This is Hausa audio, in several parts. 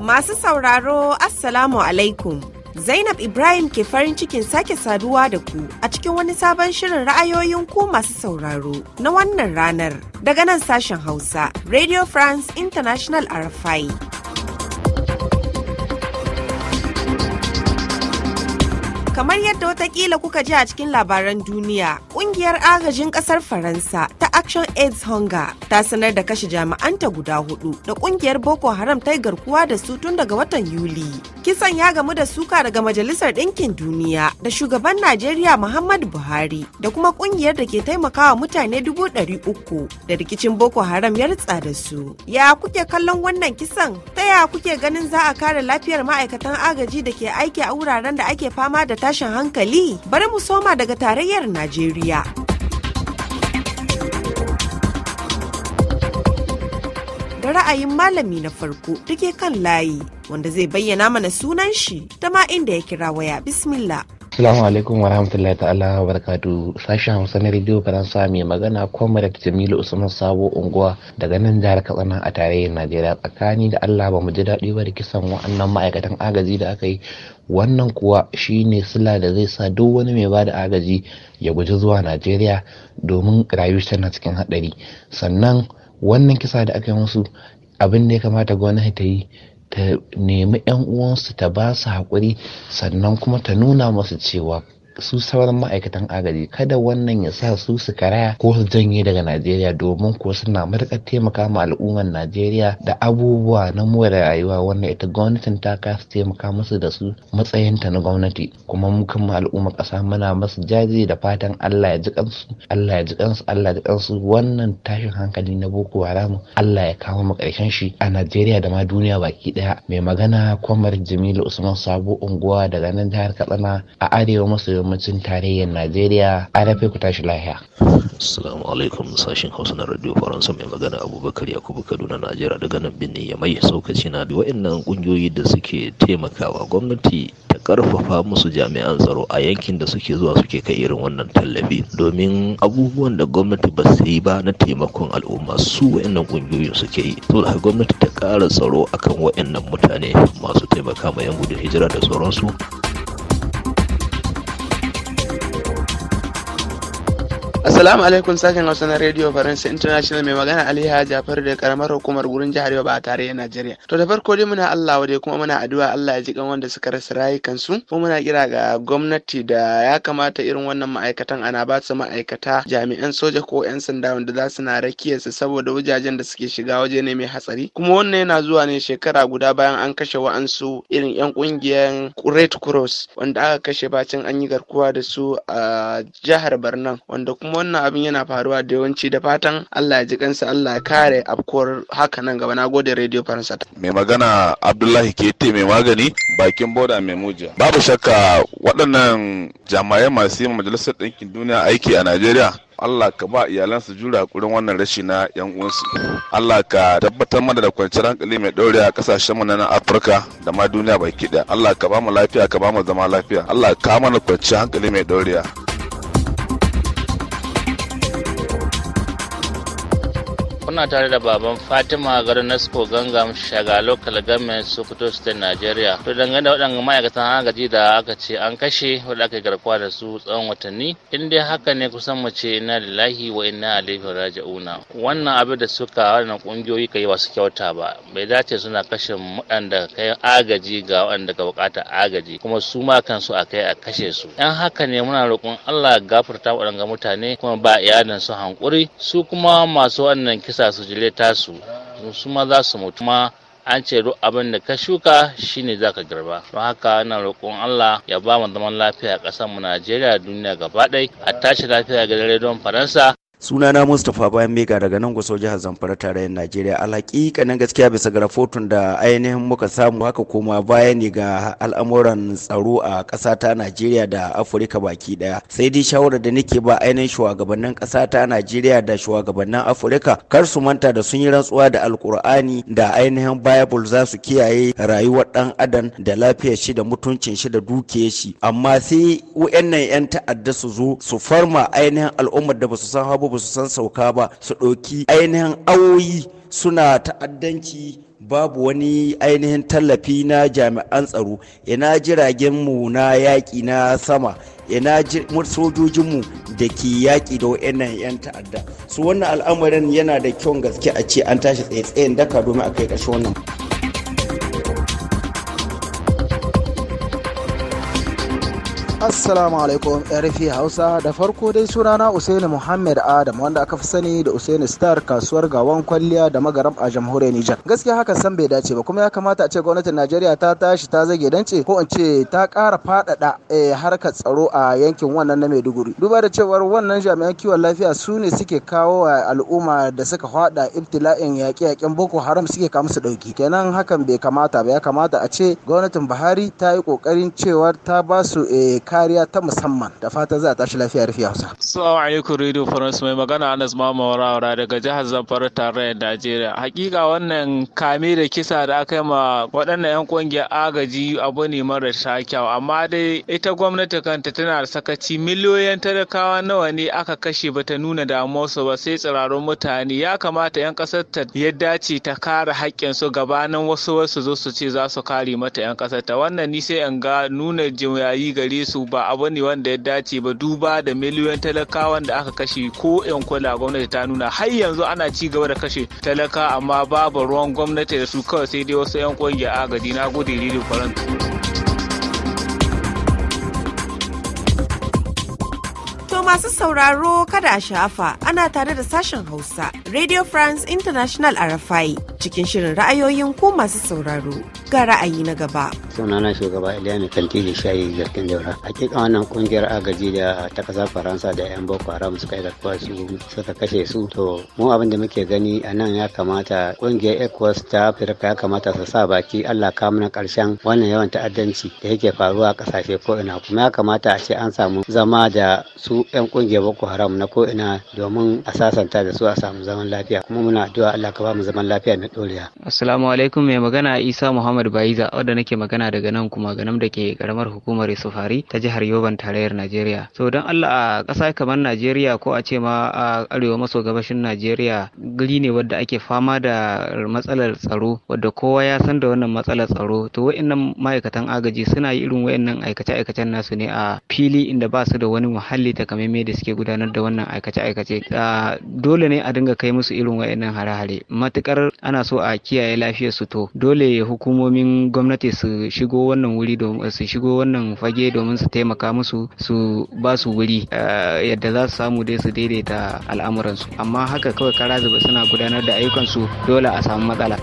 Masu sauraro Assalamu alaikum. Zainab Ibrahim ke farin cikin sake saduwa da ku a cikin wani sabon shirin ra'ayoyin ku masu sauraro na wannan ranar daga nan sashen Hausa, Radio France International RFI. Kamar yadda watakila kuka ji a cikin labaran duniya, ƙungiyar agajin ƙasar Faransa ta Action AIDS Hunger ta sanar da kashe jami'anta guda hudu da ƙungiyar Boko Haram ta yi garkuwa da su tun daga watan Yuli. Kisan ya gamu da suka daga Majalisar Ɗinkin Duniya da shugaban Najeriya Muhammadu Buhari da kuma ƙungiyar da ke taimakawa mutane dubu ɗari uku da rikicin Boko Haram ya ritsa da su. Ya kuke kallon wannan kisan? Ta ya kuke ganin za a kare lafiyar ma'aikatan agaji da ke aiki a wuraren da ake fama da tashin hankali? Bari mu soma daga tarayyar Najeriya. da ra'ayin malami na farko da kan layi wanda zai bayyana mana sunan shi ta ma inda ya kira waya bismillah Assalamu alaikum wa rahmatullahi ta'ala wa barakatu sashen Hausa na Radio Faransa mai magana Comrade Jamilu Usman Sabo Unguwa daga nan jihar Katsina a tarayyar Najeriya tsakani da Allah ba mu ji daɗi ba da kisan wa'annan ma'aikatan agaji da aka yi wannan kuwa shine sila da zai sa duk wani mai ba da agaji ya guji zuwa Najeriya domin rayu tana cikin haɗari sannan wannan kisa da aka yi musu abin da ya kamata gwamnati ta yi ta nemi 'yan uwansu ta ba su haƙuri sannan kuma ta nuna masu cewa su sauran ma'aikatan agaji kada wannan ya sa su su karaya ko su janye daga najeriya domin ko suna matuƙar taimaka ma al'ummar najeriya da abubuwa na more rayuwa wannan ita gwamnatin ta kasa taimaka musu da su matsayinta na gwamnati kuma mukan ma al'ummar ƙasa muna masu jaji da fatan allah ya ji kansu allah ya ji allah ya ji wannan tashin hankali na boko haram allah ya kawo mu ƙarshen shi a najeriya da ma duniya baki ɗaya mai magana kwamar jamilu usman sabo unguwa daga nan jihar katsina a arewa maso yammacin tarayyar najeriya a rafe ku tashi lahiya assalamu alaikum sashin hausa na radio faransa mai magana abubakar yakubu kaduna najeriya daga nan ya yamai saukaci na wa'annan kungiyoyi da suke taimakawa gwamnati ta karfafa musu jami'an tsaro a yankin da suke zuwa suke kai irin wannan tallafi domin abubuwan da gwamnati ba su yi ba na taimakon al'umma su wa'annan kungiyoyin suke yi to da gwamnati ta kara tsaro akan wa'annan mutane masu taimaka ma yan gudun hijira da sauransu Assalamu alaikum sakin Hausa na Radio Faransa International mai magana Aliha Jafar da karamar hukumar gurin jihar yoba a tarayyar Najeriya. To da farko dai muna Allah wadai kuma muna addu'a Allah ya ji kan wanda suka rasa rayukansu kuma muna kira ga gwamnati da ya kamata irin wannan ma'aikatan ana ba su ma'aikata jami'an soja ko 'yan sanda wanda za su na rakiyar su saboda wajajen da suke shiga waje ne mai hatsari. Kuma wannan yana zuwa ne shekara guda bayan an kashe wa'ansu irin 'yan kungiyar Red Cross wanda aka kashe bacin an yi garkuwa da su a jihar Barnan wanda kuma wannan abin yana faruwa da yawanci da fatan Allah ya ji kansa Allah ya kare afkuwar haka nan gaba na gode radio faransa mai magana Abdullahi ke Kete mai magani bakin boda mai muja babu shakka waɗannan jami'ai masu yin majalisar ɗinkin duniya aiki a Najeriya Allah ka ba iyalansu jura kurin wannan rashi na yan uwansu. Allah ka tabbatar mana da kwanciyar hankali mai ɗaure a mu na Afirka da ma duniya baki ɗaya. Allah ka ba mu lafiya ka ba mu zama lafiya. Allah ka mana kwanciyar hankali mai ɗaure. kuna tare da baban Fatima garin Nasko Gangam Shaga Local Government Sokoto State Nigeria. To dangane da waɗannan ma'aikatan agaji da aka ce an kashe wanda aka garkuwa da su tsawon watanni. In dai haka ne kusan mu ce inna lillahi wa inna ilaihi raji'una. Wannan abin da suka wannan kungiyoyi kai wasu kyauta ba. Bai dace suna kashe waɗanda kai agaji ga waɗanda ka bukata agaji kuma su ma kansu a kai a kashe su. Yan haka ne muna roƙon Allah gafarta waɗanda mutane kuma ba iyalin su hankuri su kuma masu wannan kisa Allah su jile tasu su ma za su mutu ma an ce abin da ka shuka shine za ka girba don haka ana roƙon Allah ya ba mu zaman lafiya a ƙasar mu Najeriya duniya gaba ɗaya a tashi lafiya ga don Faransa sunana mustapha bayan mega daga nan gwaso jihar zamfara tarayyar najeriya alhakika nan gaskiya bisa ga rahoton da ainihin muka samu haka koma baya ne ga al'amuran tsaro a ƙasa ta najeriya da afirka baki daya sai dai shawarar da nake ba ainihin shugabannin ƙasa ta najeriya da shugabannin afirka kar su manta da sun yi rantsuwa da alkur'ani da ainihin bible za su kiyaye rayuwar dan adam da lafiyar shi da mutuncin shi da dukiyar shi amma sai wa'annan 'yan ta'adda su zo su farma ainihin al'ummar da ba su san ko ba su san sauka ba su ɗauki ainihin awoyi suna ta'addanci babu wani ainihin tallafi na jami'an tsaro ina jiragen mu na yaƙi na sama ina sojojinmu da ke yaƙi da wa'annan 'yan ta'adda su wannan al'amarin yana da kyau gaske a ce an tashi tsaye-tsayen daka domin a kai ƙarshen wannan Assalamu alaikum RFI Hausa da farko dai sunana Usaini Muhammad Adam wanda aka fi sani da Usaini Star kasuwar gawan kwalliya da magaram a jamhuriyar Nijar. Gaskiya haka san bai dace ba kuma ya kamata a ce gwamnatin Najeriya ta tashi ta zage ce ko in ce ta ƙara faɗaɗa eh, harkar tsaro a yankin wannan na Maiduguri. Duba da cewar wannan jami'an kiwon lafiya su ne suke kawo wa al'umma da suka faɗa ibtila'in yaƙe-yaƙen Boko Haram suke kawo musu ɗauki. Kenan hakan bai kamata ba ya kamata a ce gwamnatin Buhari ta yi ƙoƙarin cewar ta ba su eh, kariya ta musamman da fatan za a tashi lafiya rufi hausa. Assalamu alaikum Radio France mai magana Anas Mamawarawara daga jihar Zamfara tarayyar Najeriya. Hakika wannan kame da kisa da aka yi ma waɗannan 'yan ƙungiyar agaji abu ne mara kyau amma dai ita gwamnati kanta tana da sakaci miliyoyin talakawa nawa ne aka kashe bata nuna damuwarsu ba sai tsirarun mutane ya kamata 'yan ƙasar ta ya dace ta kare haƙƙinsu gabanin wasu wasu zo su ce za su kare mata 'yan ƙasar ta wannan ni sai in ga nuna jimayayi gare su su ba abu ne wanda ya dace ba duba da miliyoyin talakawan da aka kashe ko yan kula gwamnati ta nuna har yanzu ana ci gaba da kashe talaka amma babu ruwan gwamnati da su kawai sai dai wasu yan kungiya agadi na gode rediyo faransa. Masu sauraro kada a shafa ana tare da sashen Hausa, Radio France International RFI cikin shirin ra'ayoyin ku masu sauraro ga ra'ayi na gaba. Sunana shugaba Iliya mai kanti da shayi garkin daura. Hakika wannan kungiyar agaji da ta kasa Faransa da 'yan Boko Haram suka yi garkuwa su suka kashe su. To mu abin da muke gani a nan ya kamata kungiyar ECOWAS ta Afirka ya kamata su sa baki Allah ka karshen wannan yawan ta'addanci da yake faruwa a kasashe ko ina kuma ya kamata a ce an samu zama da su 'yan 'yan kungiyar boko haram na ko ina domin a sasanta da su a samu zaman lafiya kuma muna addu'a Allah ka ba mu zaman lafiya mai dorewa assalamu alaikum mai magana Isa Muhammad Baiza wanda nake magana daga nan kuma ganam da ke karamar hukumar Sufari ta jihar Yoban tarayyar Najeriya so don Allah a ƙasa kamar Najeriya ko a ce ma a arewa maso gabashin Najeriya guri ne wadda ake fama da matsalar tsaro wadda kowa ya san da wannan matsalar tsaro to wa'annan ma'aikatan agaji suna yi irin wa'annan aikace-aikacen nasu ne a fili inda ba su da wani muhalli takamaimai musulmai da suke gudanar da wannan aikace-aikace dole ne a dinga kai musu irin wayannan hare-hare matukar ana so a kiyaye lafiyar su to dole hukumomin gwamnati su shigo wannan wuri su shigo wannan fage domin su taimaka musu su ba su wuri yadda za su samu dai su daidaita al'amuransu amma haka kawai kara ba suna gudanar da ayyukansu dole a samu matsala.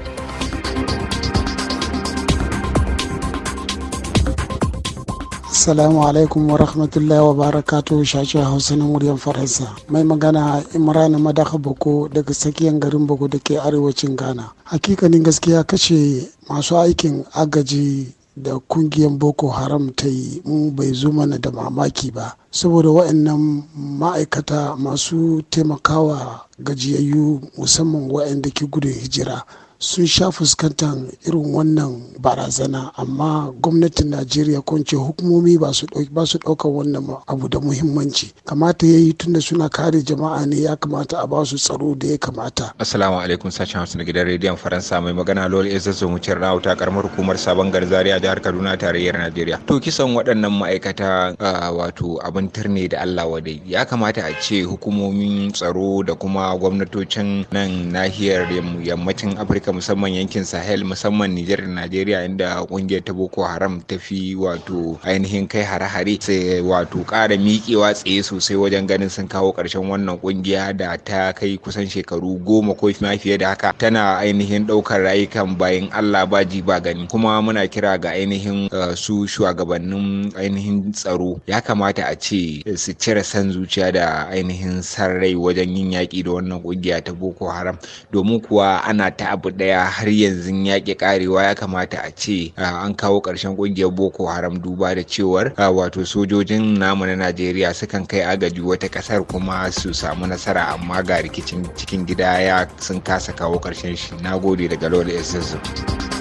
assalamu alaikum wa rahmatullahi wa barakatu shashi hausa na muryar faransa mai magana imran madaka boko daga tsakiyar garin boko da ke arewacin ghana hakikanin gaskiya kashe masu aikin agaji da kungiyar boko haram ta yi mu bai zo mana da mamaki ba saboda wa'annan ma'aikata masu taimakawa gajiyayyu musamman wa'anda ke gudun hijira sun sha fuskantar irin wannan barazana amma gwamnatin najeriya ko ce hukumomi ba su ɗaukar wannan abu da muhimmanci kamata ya yi tunda suna kare jama'a ne ya kamata a ba su tsaro da ya kamata assalamu alaikum sashen hausa na gidan rediyon faransa mai magana lol ezazzo wucin rahuta karamar hukumar sabon garzariya jihar kaduna tarayyar najeriya to kisan waɗannan ma'aikata wato abin turne da allah wadai ya kamata a ce hukumomin tsaro da kuma gwamnatocin nan nahiyar yammacin afirka musamman yankin sahel musamman nijar da najeriya inda kungiyar ta boko haram ta fi wato ainihin kai hare-hare sai wato ƙara miƙewa tsaye sosai wajen ganin sun kawo ƙarshen wannan kungiya da ta kai kusan shekaru goma ko ma fiye da haka tana ainihin ɗaukar rayukan bayan allah ba ji ba gani kuma muna kira ga ainihin eh, su shugabannin ainihin tsaro ya kamata a ce su cire san zuciya da ainihin san rai wajen yin yaƙi da wannan kungiya ta boko haram domin kuwa ana ta abu daya har yanzu ya ke ƙarewa ya kamata a ce an kawo ƙarshen ƙungiyar Boko Haram duba da cewar wato sojojin namu na Najeriya sukan kai agaji wata ƙasar kuma su samu nasara amma ga rikicin cikin gida ya sun kasa kawo karshen shi. Nagode daga Lord SS.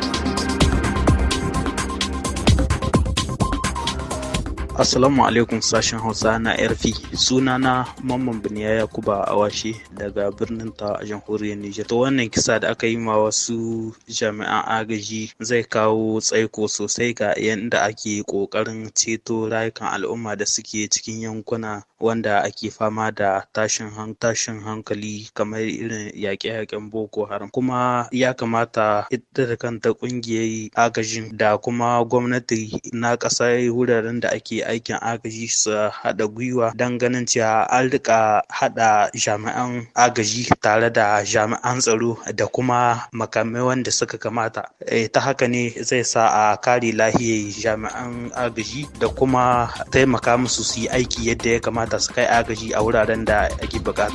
Assalamu alaikum sashen Hausa na RFI. Suna na Mamman Biniya Yakuba Awashi daga birnin ta jamhuriyar Nijar. ta wannan kisa da aka yi ma wasu jami'an agaji zai kawo tsaiko sosai ga yadda ake kokarin ceto rayukan al'umma da suke cikin yankuna wanda ake fama da tashin tashin hankali kamar irin yaƙe-yaƙen boko haram kuma ya kamata ita da kanta ƙungiyar agajin da kuma gwamnati na ƙasar wuraren da ake aikin agaji su haɗa gwiwa don ganin cewa an riƙa haɗa jami'an agaji tare da jami'an tsaro da kuma makamai wanda suka kamata eh, ta haka ne zai sa a kare lahiyar jami'an agaji da kuma taimaka musu su yi aiki yadda ya kamata bukata su kai agaji a wuraren da ake bukata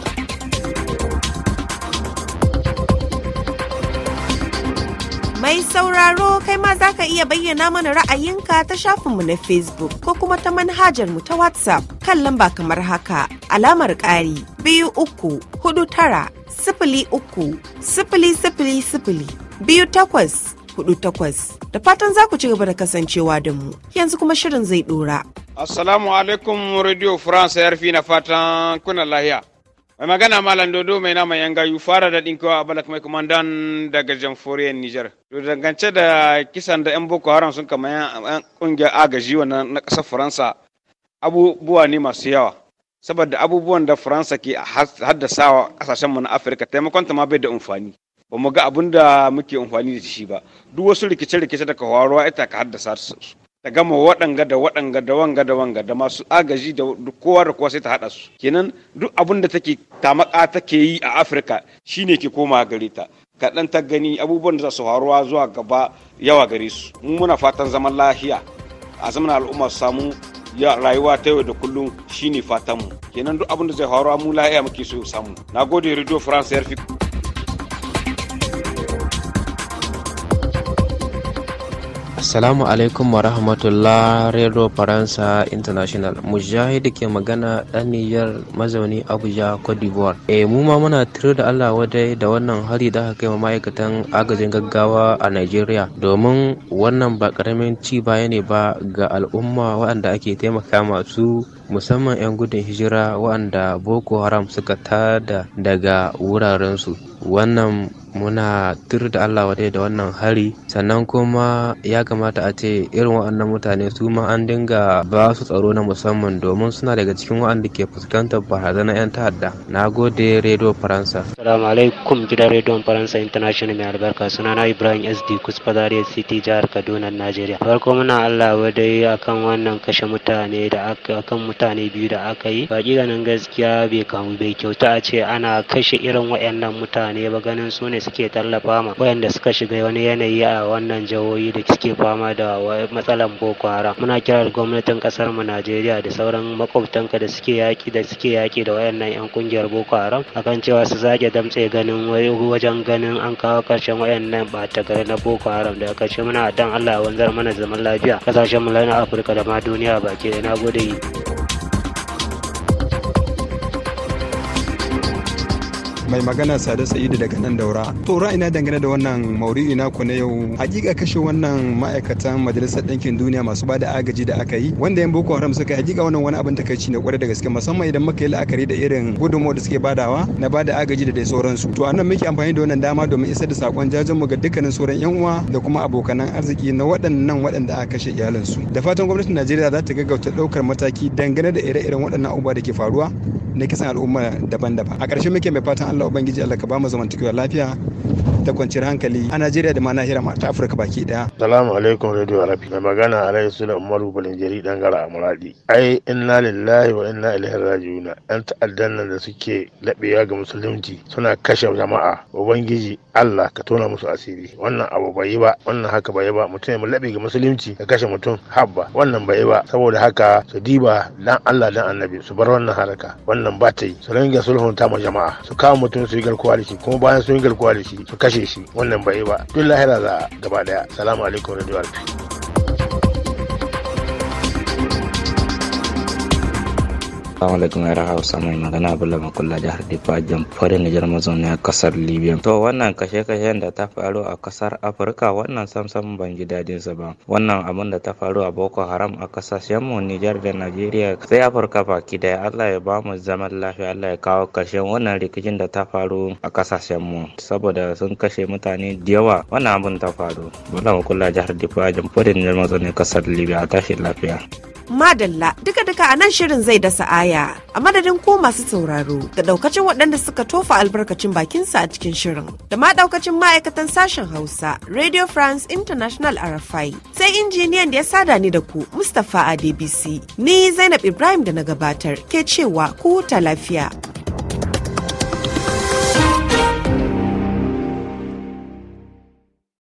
Mai sauraro kai ma za ka iya bayyana mana ra'ayinka ta shafinmu na Facebook ko kuma ta manhajar mu ta WhatsApp kan lamba kamar haka alamar ƙari biyu uku hudu tara sifili uku sifili sifili sifili biyu takwas Da fatan za ku ci gaba da kasancewa da mu. Yanzu kuma shirin zai dora. Assalamu alaikum Radio France yarfi na fatan kuna lahiya. Mai magana Malam Dodo mai nama yan gayu fara da ɗinkawa a balak mai kumandan daga jamforiyar Nijar. To dangance da kisan da 'yan Boko Haram sun kama 'yan ƙungiyar agaji wannan na ƙasar Faransa abubuwa ne masu yawa. saboda abubuwan da faransa ke haddasawa kasashen mu na afirka taimakon ta ma bai da amfani ba mu ga abin da muke amfani da shi ba duk wasu rikice-rikice da ka faruwa ita ka haddasa su ta gama waɗanga da waɗanga da wanga da wanga da masu agaji da kowa da kowa sai ta haɗa su kenan duk abin da take tamaka take yi a afirka shine ke koma gare ta kaɗan ta gani abubuwan da za su faruwa zuwa gaba yawa gare su muna fatan zaman lahiya a zaman al'umma su samu ya rayuwa ta yau da kullum shine fatanmu kenan duk abin da zai faruwa mu lahiya muke so samu nagode radio france rfi Assalamu alaikum wa rahmatullah Radio Faransa International. Mujahid ke magana dan Nijar mazauni Abuja, Cote d'Ivoire. Eh mu ma muna tiro da Allah wadai da wannan hari da aka kai ma ma'aikatan agajin gaggawa a Najeriya domin wannan ba karamin ci baya ne ba ga al'umma waɗanda ake taimaka masu musamman 'yan gudun hijira waɗanda boko haram suka tada daga wurarensu wannan muna tur da Allah wadai da wannan hari sannan kuma ya kamata a ce irin waɗannan mutane su ma an dinga ba su tsaro na musamman domin suna daga cikin waɗanda ke fuskantar barazana 'yan ta'adda na gode rediyo faransa salamu alaikum gidan rediyon faransa international mai albarka sunana ibrahim sd kusfa zaria city jihar kaduna najeriya farko muna Allah wadai akan wannan kashe mutane da akan mutane biyu da aka yi ba ganin gaskiya bai kamu bai kyauta a ce ana kashe irin waɗannan mutane ba ganin su ne suke tallafa ma waɗanda suka shiga wani yanayi a wannan jihohi da suke fama da matsalan boko haram muna kira da gwamnatin kasar mu Najeriya da sauran ka da suke yaki da suke yaki da waɗannan yan kungiyar boko haram akan cewa su zage damtse ganin wajen ganin an kawo karshen waɗannan ɓata na boko haram da ce muna dan Allah wanzar mana zaman lafiya kasashen mu na Afirka da ma duniya baki da na gode. mai magana sada sa'idu daga nan daura tsoron ina dangane da wannan maudu'i na ku na yau hakika kashe wannan ma'aikatan majalisar ɗinkin duniya masu ba da agaji da aka yi wanda yan boko haram suka hakika wannan wani abin takaici ne kwarai da gaske musamman idan muka yi la'akari da irin gudunmawar da suke badawa na ba da agaji da dai sauransu to anan muke amfani da wannan dama domin isar da sakon jajenmu ga dukkanin sauran yan uwa da kuma abokanan arziki na waɗannan waɗanda aka kashe iyalansu da fatan gwamnatin najeriya za ta gaggauta ɗaukar mataki dangane da ire-iren waɗannan abubuwa da ke faruwa na kisan al'umma daban-daban a ƙarshe muke mai fatan Allah ubangiji Allah ka ba mu zamantakewa lafiya da kwanciyar hankali a Najeriya da ma nahiyar ma ta Afirka baki daya. Salamu alaikum Radio Arabi. Mai magana Alhaji Sule Umaru Bulinjeri dan gara a Muradi. Ai inna lillahi wa inna ilaihi raji'un. Yan ta'addan nan da suke labewa ga musulunci suna kashe jama'a. Ubangiji Allah ka tona musu asiri. Wannan abu bai yi ba, wannan haka bai ba. Mutum ya labe ga musulunci ka kashe mutum habba. Wannan bai ba saboda haka su diba dan Allah dan Annabi su bar wannan haraka. Wannan ba ta yi. Su ringa sulhunta ma jama'a. Su kawo mutum su yi garkuwa da shi kuma bayan sun yi garkuwa da shi su kashe kashe shi wannan bai ba tun lahira za gaba daya salamu alaikum radio alfi Assalamu alaikum ya Hausa mai magana bala Makulla jihar Difa jamfarin Nijar mazauna kasar Libya. To wannan kashe-kashen da ta faru a kasar Afirka wannan samsam ban ji dadin sa ba. Wannan abin da ta faru a Boko Haram a kasashen mu Nijar da nigeria sai Afirka baki da Allah ya bamu zaman lafiya Allah ya kawo karshen wannan rikicin da ta faru a kasashen mu saboda sun kashe mutane da yawa wannan abin ta faru. Bello Makulla jihar Difa jamfarin Nijar mazauna kasar Libya a tashi lafiya. madalla duka-duka a nan shirin zai dasa aya a madadin ko masu sauraro da daukacin waɗanda suka tofa albarkacin bakinsa a cikin shirin da ma daukacin ma'aikatan sashen hausa radio france international rfi sai injiniyan da ya sada ni da ku mustapha adbc ni zainab ibrahim da na gabatar ke cewa ku huta lafiya.